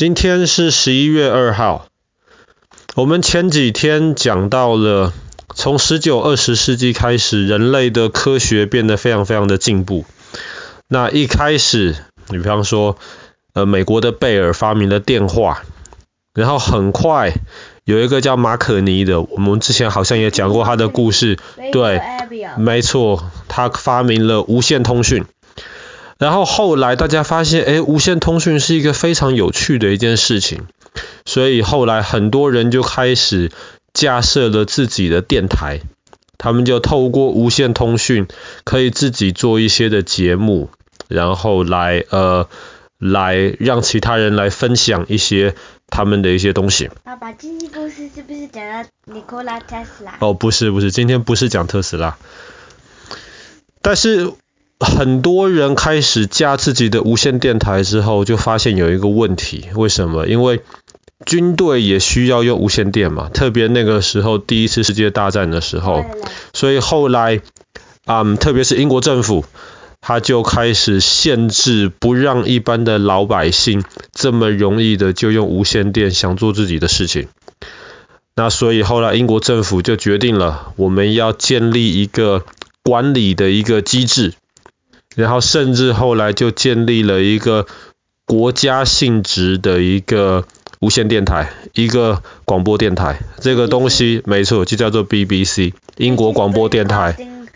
今天是十一月二號。我們前幾天講到了從，從十九二十世紀開始，人類的科學變得非常非常的進步。那一開始，你比方說，呃，美國的貝爾發明了電話，然後很快有一個叫馬可尼的，我們之前好像也講過他的故事，沒對，沒錯，他發明了無線通訊。然後後來大家發現，哎，無線通訊是一個非常有趣的一件事情，所以後來很多人就開始架設了自己的電台，他們就透過無線通訊可以自己做一些的節目，然後來呃來讓其他人來分享一些他們的一些東西。爸爸，今天故事是不是講到尼古拉特斯拉？哦，不是不是，今天不是講特斯拉，但是。很多人開始架自己的無線電台之後，就發現有一個問題，為什麼？因為軍隊也需要用無線電嘛，特別那個時候第一次世界大戰的時候，所以後來，嗯，特別是英國政府，他就開始限制，不讓一般的老百姓這麼容易的就用無線電想做自己的事情。那所以後來英國政府就決定了，我們要建立一個管理的一個機制。然後甚至後來就建立了一個國家性質的一個無線電台，一個廣播電台，這個東西、嗯、沒錯，就叫做 BBC，英國廣播電台、嗯，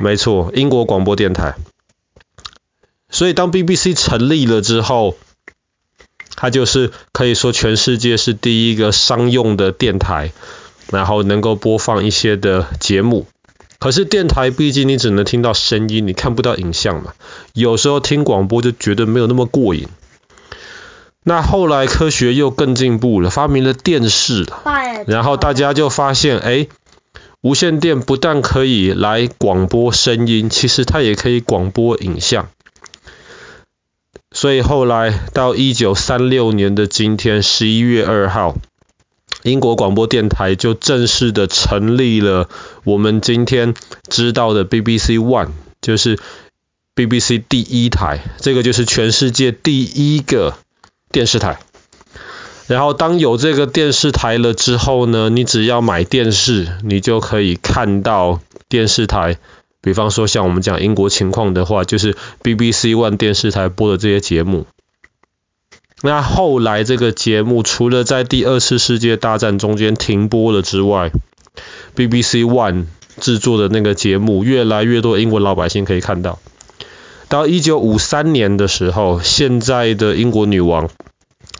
沒錯，英國廣播電台。嗯、所以當 BBC 成立了之後，它就是可以說全世界是第一個商用的電台，然後能夠播放一些的節目。可是電臺畢竟你只能聽到聲音，你看不到影像嘛。有時候聽廣播就覺得沒有那麼過癮。那後來科學又更進步了，發明了電視，然後大家就發現，哎、欸，無線電不但可以來廣播聲音，其實它也可以廣播影像。所以後來到一九三六年的今天，十一月二號。英國廣播電台就正式的成立了，我們今天知道的 BBC One，就是 BBC 第一台，這個就是全世界第一個電視台。然後當有這個電視台了之後呢，你只要買電視，你就可以看到電視台。比方說像我們講英國情況的話，就是 BBC One 電視台播的這些節目。那後來這個節目，除了在第二次世界大戰中間停播了之外，BBC One 製作的那個節目，越來越多英國老百姓可以看到。到一九五三年的時候，現在的英國女王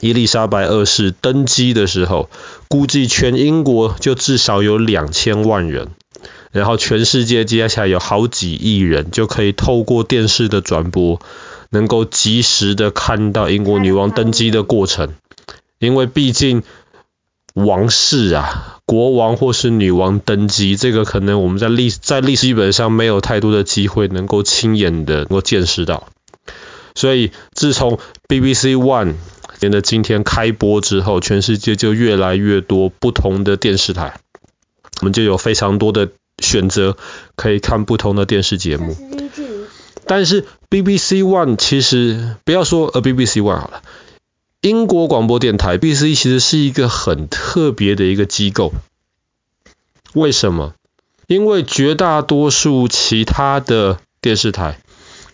伊麗莎白二世登基的時候，估計全英國就至少有兩千萬人，然後全世界加起來有好幾億人，就可以透過電視的轉播，能夠及時的看到英國女王登基的過程，因為畢竟王室啊，國王或是女王登基，這個可能我們在歷在歷史基本上沒有太多的機會能夠親眼的能夠見識到，所以自從 BBC One 年的今天開播之後，全世界就越來越多不同的電視台，我們就有非常多的選擇可以看不同的電視節目。但是 BBC One 其實不要說呃 BBC One 好了，英國廣播電台 BBC 其實是一個很特別的一個機構。為什麼？因為絕大多數其他的電視台，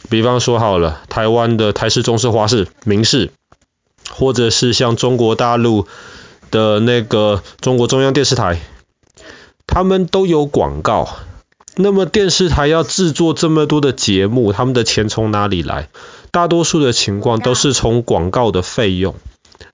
比方說好了，台灣的台視、中視、華視、民視，或者是像中國大陸的那個中國中央電視台，他們都有廣告。那麼電視台要製作這麼多的節目，他們的錢從哪裡來？大多數的情況都是從廣告的費用。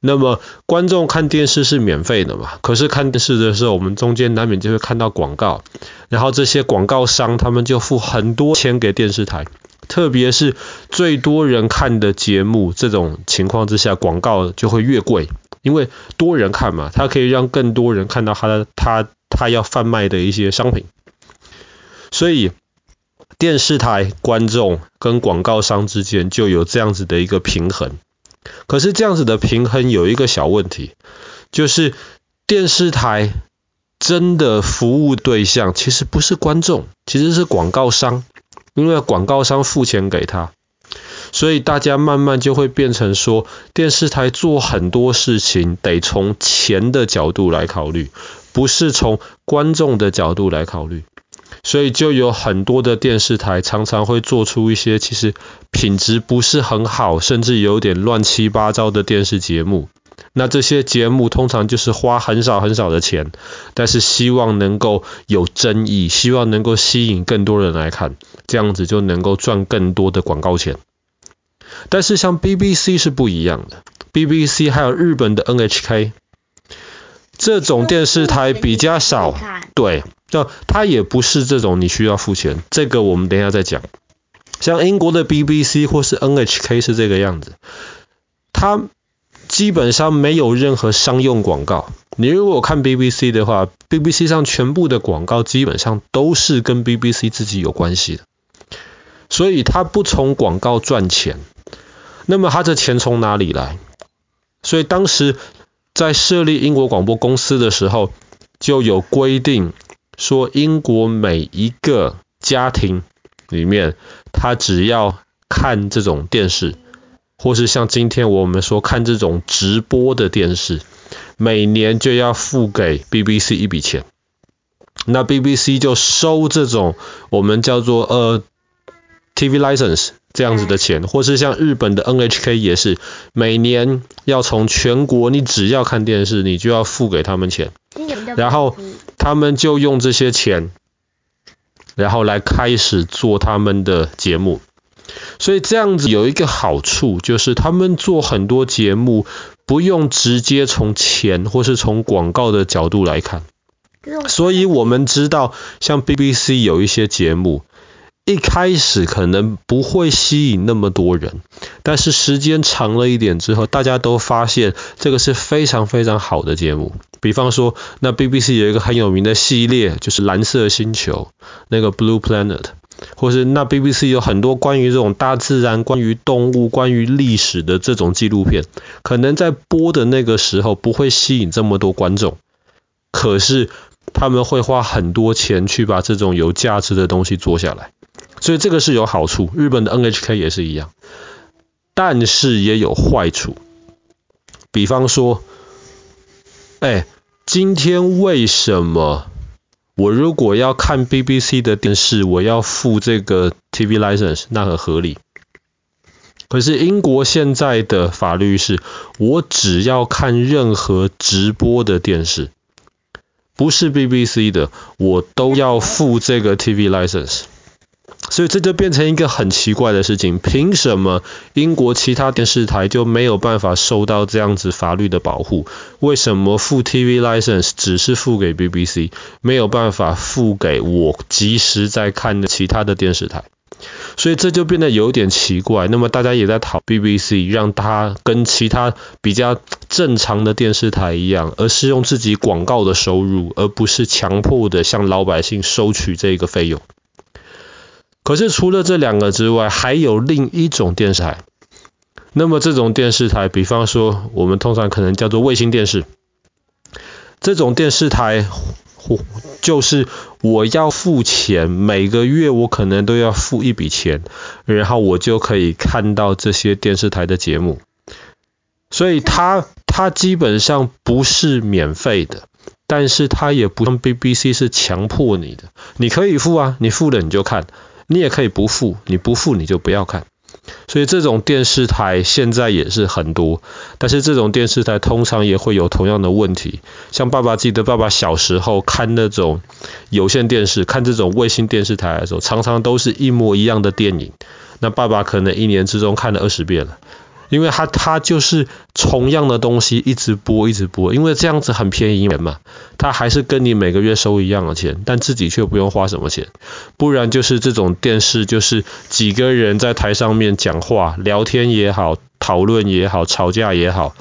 那麼觀眾看電視是免費的嘛？可是看電視的時候，我們中間難免就會看到廣告。然後這些廣告商他們就付很多錢給電視台。特別是最多人看的節目，這種情況之下，廣告就會越貴，因為多人看嘛，他可以讓更多人看到他他他要販賣的一些商品。所以電視台、觀眾跟廣告商之間就有這樣子的一個平衡。可是這樣子的平衡有一個小問題，就是電視台真的服務對象其實不是觀眾，其實是廣告商，因為廣告商付錢給他，所以大家慢慢就會變成說，電視台做很多事情得從錢的角度來考慮，不是從觀眾的角度來考慮。所以就有很多的電視台常常會做出一些其實品質不是很好，甚至有點亂七八糟的電視節目。那這些節目通常就是花很少很少的錢，但是希望能夠有爭議，希望能夠吸引更多人來看，這樣子就能夠賺更多的廣告錢。但是像 BBC 是不一樣的，BBC 還有日本的 NHK。這種電視台比較少，對，就它也不是這種你需要付錢，這個我們等一下再講。像英國的 BBC 或是 NHK 是這個樣子，它基本上沒有任何商用廣告。你如果看 BBC 的話，BBC 上全部的廣告基本上都是跟 BBC 自己有關係的，所以它不從廣告賺錢。那麼它的錢從哪裡來？所以當時。在設立英國廣播公司的時候，就有規定說，英國每一個家庭裡面，他只要看這種電視，或是像今天我們說看這種直播的電視，每年就要付給 BBC 一筆錢。那 BBC 就收這種我們叫做呃。TV license 這樣子的錢，嗯、或是像日本的 NHK 也是，每年要從全國，你只要看電視，你就要付給他們錢，然後他們就用這些錢，然後來開始做他們的節目。所以這樣子有一個好處，就是他們做很多節目不用直接從錢或是從廣告的角度來看。所以我們知道，像 BBC 有一些節目。一開始可能不會吸引那麼多人，但是時間長了一點之後，大家都發現這個是非常非常好的節目。比方說，那 BBC 有一個很有名的系列，就是《藍色星球》，那個 Blue Planet，或是那 BBC 有很多關於這種大自然、關於動物、關於歷史的這種紀錄片，可能在播的那個時候不會吸引這麼多觀眾，可是他們會花很多錢去把這種有價值的東西做下來。所以這個是有好處，日本的 NHK 也是一樣，但是也有壞處。比方說，哎、欸，今天為什麼我如果要看 BBC 的電視，我要付這個 TV license，那很合理。可是英國現在的法律是，我只要看任何直播的電視，不是 BBC 的，我都要付這個 TV license。所以這就變成一個很奇怪的事情，憑什麼英國其他電視台就沒有辦法受到這樣子法律的保護？為什麼付 TV license 只是付給 BBC，沒有辦法付給我及時在看的其他的電視台？所以這就變得有點奇怪。那麼大家也在討 BBC，讓它跟其他比較正常的電視台一樣，而是用自己廣告的收入，而不是強迫的向老百姓收取這個費用。可是除了這兩個之外，還有另一種電視台。那麼這種電視台，比方說我們通常可能叫做衛星電視。這種電視台，就是我要付錢，每個月我可能都要付一筆錢，然後我就可以看到這些電視台的節目。所以它它基本上不是免費的，但是它也不像 BBC 是強迫你的，你可以付啊，你付了你就看。你也可以不付，你不付你就不要看。所以這種電視台現在也是很多，但是這種電視台通常也會有同樣的問題。像爸爸記得爸爸小時候看那種有線電視，看這種衛星電視台的時候，常常都是一模一樣的電影。那爸爸可能一年之中看了二十遍了。因為他他就是同樣的東西一直播一直播，因為這樣子很便宜嘛。他還是跟你每個月收一樣的錢，但自己卻不用花什麼錢。不然就是這種電視，就是幾個人在台上面講話、聊天也好、討論也好、吵架也好，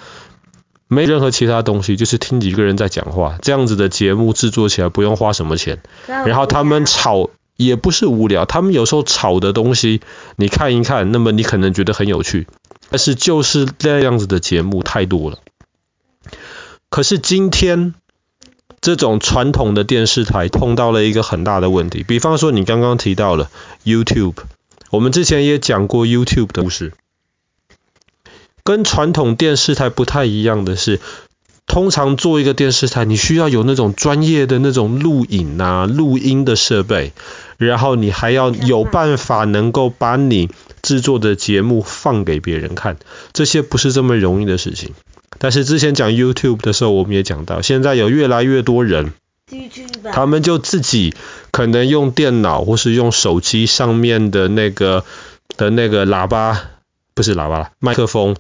沒任何其他東西，就是聽幾個人在講話。這樣子的節目製作起來不用花什麼錢，然後他們吵也不是無聊，他們有時候吵的東西，你看一看，那麼你可能覺得很有趣。但是就是這樣子的節目太多了。可是今天這種傳統的電視台碰到了一個很大的問題，比方說你剛剛提到了 YouTube，我們之前也講過 YouTube 的故事。跟傳統電視台不太一樣的是，通常做一個電視台，你需要有那種專業的那種錄影啊、錄音的設備，然後你還要有辦法能夠把你製作的節目放給別人看，這些不是這麼容易的事情。但是之前講 YouTube 的時候，我們也講到，現在有越來越多人，他們就自己可能用電腦或是用手機上面的那個的那個喇叭，不是喇叭啦，麥克風，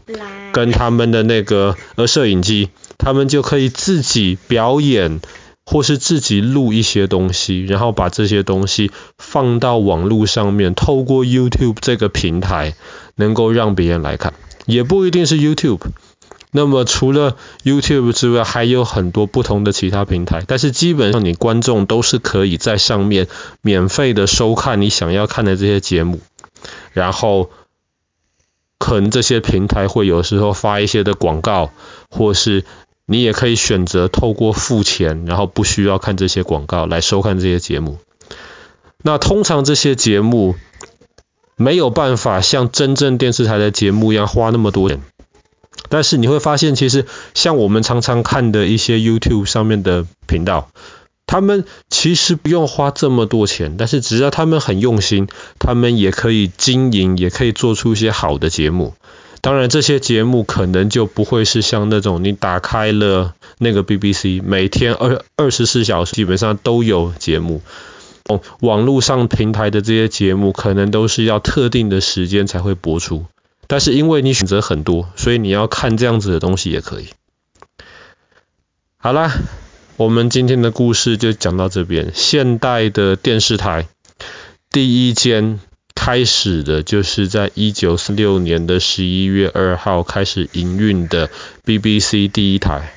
跟他們的那個呃攝影機，他們就可以自己表演。或是自己錄一些東西，然後把這些東西放到網絡上面，透過 YouTube 這個平台，能夠讓別人來看，也不一定是 YouTube。那麼除了 YouTube 之外，還有很多不同的其他平台，但是基本上你觀眾都是可以在上面免費的收看你想要看的這些節目，然後可能這些平台會有時候發一些的廣告，或是，你也可以選擇透過付錢，然後不需要看這些廣告來收看這些節目。那通常這些節目沒有辦法像真正電視台的節目一樣花那麼多錢。但是你會發現，其實像我們常常看的一些 YouTube 上面的頻道，他們其實不用花這麼多錢，但是只要他們很用心，他們也可以經營，也可以做出一些好的節目。當然，這些節目可能就不會是像那種你打開了那個 BBC，每天二二十四小時基本上都有節目。哦，網絡上平台的這些節目可能都是要特定的時間才會播出。但是因為你選擇很多，所以你要看這樣子的東西也可以。好啦，我們今天的故事就講到這邊。現代的電視台第一間。開始的就是在一九四六年的十一月二號開始營運的 BBC 第一台。